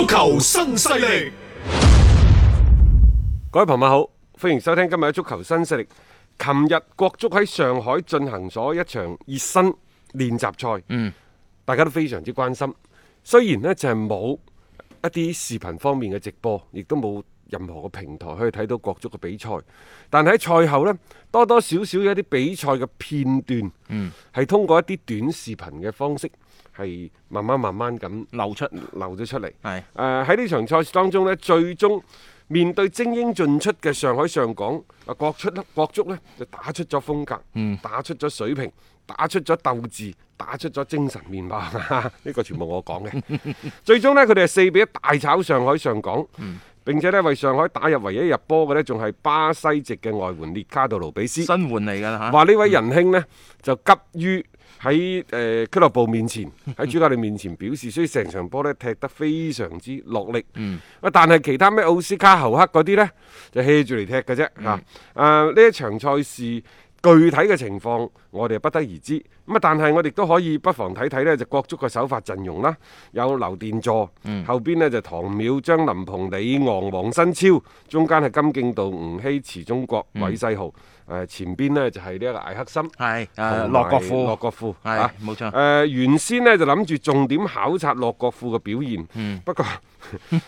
足球新勢力，各位朋友好，歡迎收聽今日嘅足球新勢力。琴日國足喺上海進行咗一場熱身練習賽，嗯，大家都非常之關心。雖然呢就係冇一啲視頻方面嘅直播，亦都冇任何嘅平台可以睇到國足嘅比賽，但係喺賽後呢，多多少少有一啲比賽嘅片段，嗯，係通過一啲短視頻嘅方式。係慢慢慢慢咁流出流咗出嚟。係是，誒喺呢場賽事當中咧，最終面對精英進出嘅上海上港，啊，國出啦國足呢就打出咗風格，嗯，打出咗水平，打出咗鬥志，打出咗精神面貌。呢 個全部我講嘅。 最終呢，佢哋係四比一大炒上海上港，嗯，並且呢為上海打入唯一入波嘅呢，仲係巴西籍嘅外援列卡杜盧比斯。新援嚟㗎啦嚇。話呢位仁兄呢，就急於。喺誒、呃、俱樂部面前，喺主教練面前表示， 所以成場波咧踢得非常之落力。嗯、啊，但係其他咩奧斯卡、侯克嗰啲呢，就 hea 住嚟踢嘅啫。嚇，嗯、啊，呢、呃、一場賽事。具體嘅情況，我哋不得而知。咁啊，但係我哋都可以不妨睇睇咧，就國足嘅首發陣容啦。有劉殿座，嗯、後邊呢就是、唐淼、張林鵬、李昂、王新超，中間係金敬道、吳曦、池忠國、韋世豪。誒、嗯呃、前邊呢就係呢一個艾克森，係誒洛國富，洛國富係冇錯、呃。原先呢就諗住重點考察洛國富嘅表現，嗯、不過。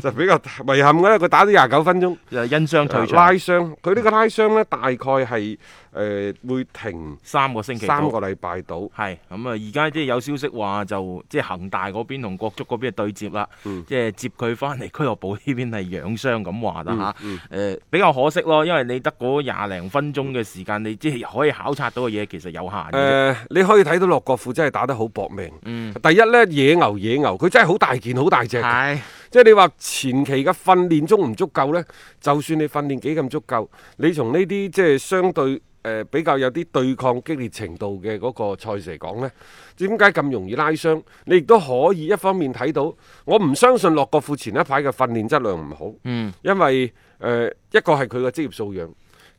就比較遺憾嘅咧，佢打咗廿九分鐘，就因傷退出。拉傷，佢呢個拉傷咧，大概係誒會停三個星期，三個禮拜到。係咁啊，而家即係有消息話就即係恒大嗰邊同國足嗰邊係對接啦，即係接佢翻嚟。俱樂部呢邊係養傷咁話啦吓。誒，比較可惜咯，因為你得嗰廿零分鐘嘅時間，你即係可以考察到嘅嘢其實有限。誒，你可以睇到洛國富真係打得好搏命。嗯。第一咧，野牛，野牛，佢真係好大件，好大隻。係。即係你話前期嘅訓練足唔足夠呢？就算你訓練幾咁足夠，你從呢啲即係相對誒、呃、比較有啲對抗激烈程度嘅嗰個賽事嚟講呢，點解咁容易拉傷？你亦都可以一方面睇到，我唔相信洛國富前一排嘅訓練質量唔好，嗯，因為誒、呃、一個係佢嘅職業素養，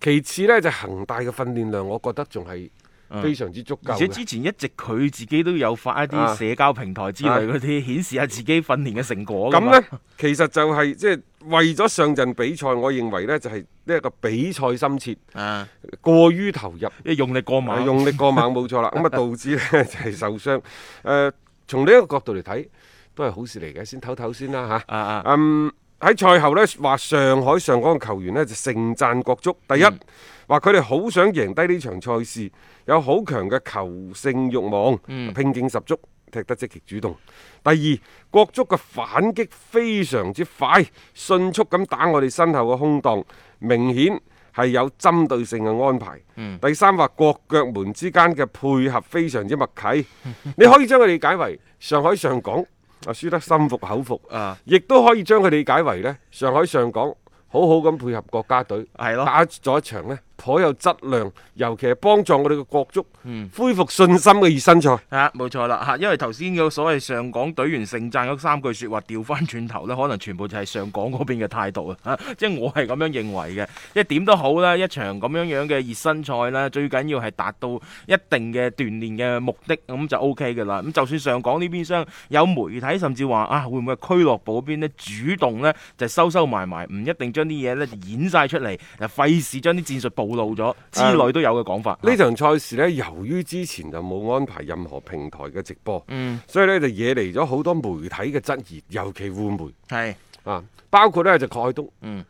其次呢就恒、是、大嘅訓練量，我覺得仲係。非常之足夠，嗯，而且之前一直佢自己都有發一啲社交平台之類嗰啲，啊、顯示下自己訓練嘅成果。咁呢， 其實就係即係為咗上陣比賽，我認為呢就係呢一個比賽心切，啊，過於投入，用力過猛，啊、用力過猛冇錯啦，咁啊 導致呢 就係受傷。誒、呃，從呢一個角度嚟睇，都係好事嚟嘅，先唞唞先啦嚇。嗯。嗯。喺賽後呢，話上海上港嘅球員呢，就盛讚國足。第一，話佢哋好想贏低呢場賽事，有好強嘅求勝欲望，嗯、拼勁十足，踢得積極主動。第二，國足嘅反擊非常之快，迅速咁打我哋身後嘅空檔，明顯係有針對性嘅安排。嗯、第三，話國腳們之間嘅配合非常之默契，嗯、你可以將佢哋理解為上海上港。啊，輸得心服口服啊！亦都可以將佢理解為咧，上海上港好好噉配合國家隊，的打咗一場咧。頗有質量，尤其係幫助我哋嘅國足、嗯、恢復信心嘅熱身賽。啊，冇錯啦，吓，因為頭先有所謂上港隊員盛讚嗰三句說話，調翻轉頭咧，可能全部就係上港嗰邊嘅態度啊。吓，即係我係咁樣認為嘅。即係點都好啦，一場咁樣樣嘅熱身賽啦，最緊要係達到一定嘅鍛煉嘅目的，咁就 OK 噶啦。咁就算上港呢邊廂有媒體甚至話啊，會唔會係俱樂部嗰邊咧主動呢就收收埋埋，唔一定將啲嘢呢演晒出嚟，就費事將啲戰術。暴露咗，之類都有嘅講法。呢、嗯啊、場賽事呢，由於之前就冇安排任何平台嘅直播，嗯，所以呢就惹嚟咗好多媒體嘅質疑，尤其滬媒，係是啊，包括呢就郝海東，嗯、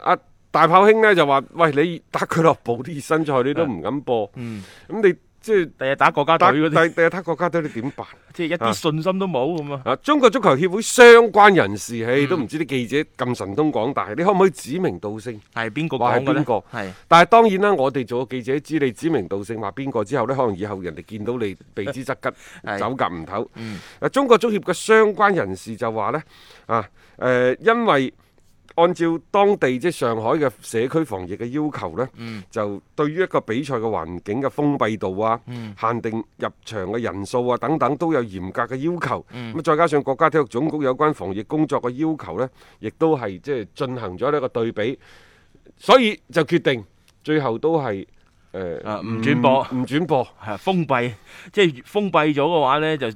啊，大炮兄呢就話，喂，你打俱樂部啲熱身賽，你都唔敢播，咁、嗯嗯、你。即係第日打國家隊第第日打國家隊你點辦？即係一啲信心都冇咁啊！啊，中國足球協會相關人士係、嗯、都唔知啲記者咁神通廣大，你可唔可以指名道姓？係邊個講嘅咧？個係。的但係當然啦，我哋做個記者知你指名道姓話邊個之後呢，可能以後人哋見到你避之則吉， 的走夾唔唞。中國足協嘅相關人士就話呢，啊，誒、呃，因為。按照當地即上海嘅社區防疫嘅要求呢、嗯、就對於一個比賽嘅環境嘅封閉度啊，嗯、限定入場嘅人數啊等等，都有嚴格嘅要求。咁、嗯、再加上國家體育總局有關防疫工作嘅要求呢，亦都係即係進行咗呢個對比，所以就決定最後都係。誒唔轉播，唔轉播，封閉，即係封閉咗嘅話呢，就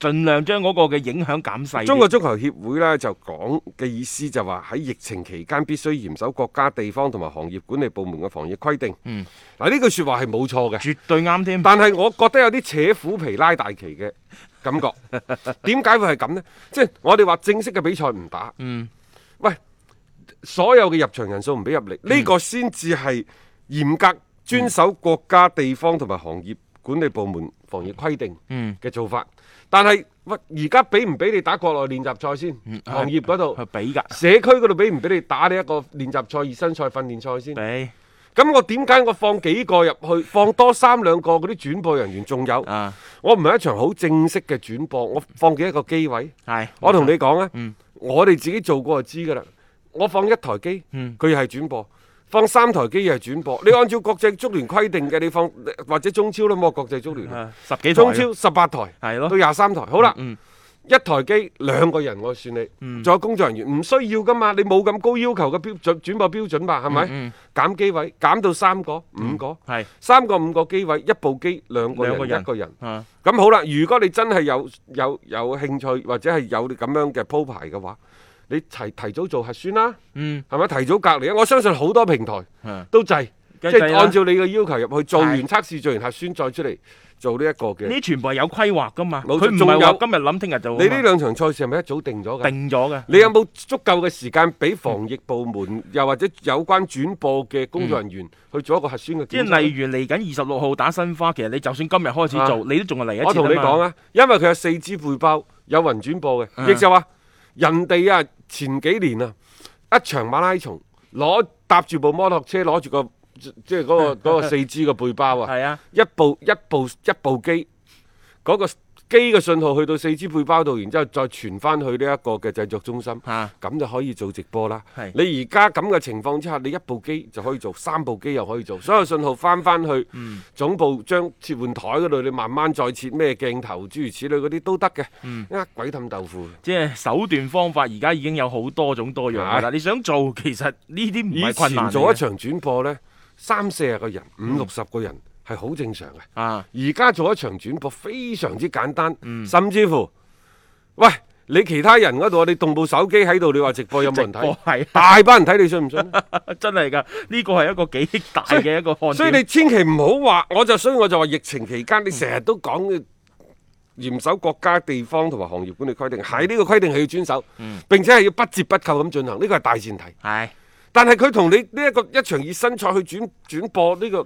盡量將嗰個嘅影響減細。中國足球協會呢，就講嘅意思就話喺疫情期間必須嚴守國家、地方同埋行業管理部門嘅防疫規定。嗯，嗱，啊，呢句說話係冇錯嘅，絕對啱添。但係我覺得有啲扯虎皮拉大旗嘅感覺。點解 會係咁呢？即係我哋話正式嘅比賽唔打。嗯，喂，所有嘅入場人數唔俾入嚟，呢個先至係嚴格。嗯嗯遵守國家、地方同埋行業管理部門防疫規定嘅做法，嗯、但係，喂，而家俾唔俾你打國內練習賽先？嗯、行業嗰度係俾㗎，社區嗰度俾唔俾你打呢一個練習賽、熱身賽、訓練賽先？俾。咁我點解我放幾個入去，放多三兩個嗰啲轉播人員仲有？啊、我唔係一場好正式嘅轉播，我放幾一個機位？係。我同你講啊，嗯、我哋自己做過就知㗎啦。我放一台機，佢係轉播。放三台機係轉播，你按照國際足聯規定嘅，你放或者中超啦，冇國際足聯，十幾中超十八台，係咯的，到廿三台。好啦，嗯嗯、一台機兩個人我算你，仲、嗯、有工作人員，唔需要噶嘛，你冇咁高要求嘅標轉轉播標準吧，係咪？減、嗯嗯、機位減到三個、五個，係、嗯、三個五個機位，一部機兩個人，個人一個人，咁好啦。如果你真係有有有，有興趣或者係有咁樣嘅鋪排嘅話。你提提早做核酸啦，嗯，係咪提早隔離？我相信好多平台都制，即係按照你嘅要求入去做完測試、做完核酸，再出嚟做呢一個嘅。呢全部係有規劃噶嘛，佢唔係話今日諗聽日做。你呢兩場賽事係咪一早定咗？定咗噶。你有冇足夠嘅時間俾防疫部門，又或者有關轉播嘅工作人員去做一個核酸嘅？即係例如嚟緊二十六號打新花，其實你就算今日開始做，你都仲係嚟一次。我同你講啊，因為佢有四支背包，有人轉播嘅，亦就話。人哋啊，前幾年啊，一場馬拉松攞搭住部摩托車攞住個即係、嗰個 個四 G 嘅背包啊，係啊， 一部一部一部機、嗰個。機嘅信號去到四 G 背包度，然之後再傳翻去呢一個嘅製作中心，咁、啊、就可以做直播啦。是你而家咁嘅情況之下，你一部機就可以做，三部機又可以做，所有信號翻翻去總部，將切換台嗰度，你慢慢再切咩鏡頭，諸如此類嗰啲都得嘅。呃、嗯，鬼氹豆腐，即係手段方法，而家已經有好多種多樣嘅是。你想做，其實呢啲唔係困難。以前做一場轉播咧，三四十個人，五六十個人。嗯係好正常嘅，而家做一場轉播非常之簡單，嗯、甚至乎，喂，你其他人嗰度，你動部手機喺度，你話直播有冇人睇？啊、大班人睇，你信唔信？ 真係噶，呢、這個係一個幾大嘅一個看點。所以你千祈唔好話，我就所以我就話，疫情期間你成日都講嚴、嗯、守國家、地方同埋行業管理規定，係呢個規定係要遵守，嗯、並且係要不折不扣咁進行，呢、這個係大前提。係。但係佢同你呢一個一場熱身賽去轉轉播呢個，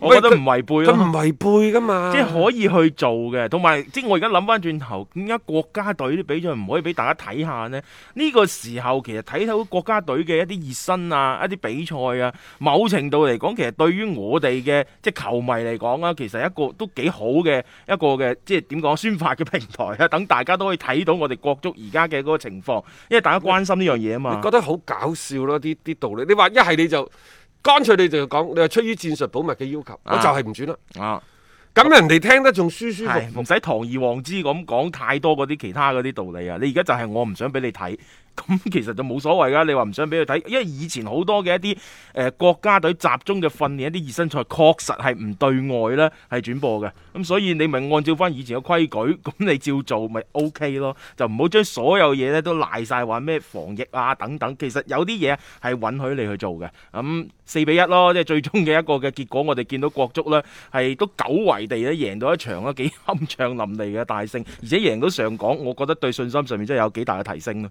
我覺得唔違背咯、啊。佢唔違背噶嘛，即係可以去做嘅。同埋，即係我而家諗翻轉頭，點解國家隊啲比賽唔可以俾大家睇下呢？呢個時候其實睇到國家隊嘅一啲熱身啊，一啲比賽啊，某程度嚟講，其實對於我哋嘅即係球迷嚟講啊，其實一個都幾好嘅一個嘅，即係點講宣發嘅平台啊，等大家都可以睇到我哋國足而家嘅嗰個情況，因為大家關心呢樣嘢啊嘛。覺得好搞笑咯、啊，啲啲。道理，你話一係你就乾脆你就講，你話出於戰術保密嘅要求，啊、我就係唔轉啦。啊，咁人哋聽得仲舒舒服，唔使堂而皇之咁講太多嗰啲其他嗰啲道理啊！你而家就係我唔想俾你睇。咁其實就冇所謂噶，你話唔想俾佢睇，因為以前好多嘅一啲誒、呃、國家隊集中嘅訓練一啲熱身賽，確實係唔對外咧，係轉播嘅。咁、嗯、所以你咪按照翻以前嘅規矩，咁你照做咪 OK 咯，就唔好將所有嘢咧都賴晒話咩防疫啊等等。其實有啲嘢係允許你去做嘅。咁、嗯、四比一咯，即係最終嘅一個嘅結果，我哋見到國足咧係都久違地咧贏到一場啊，幾酣暢淋漓嘅大勝，而且贏到上港，我覺得對信心上面真係有幾大嘅提升咯。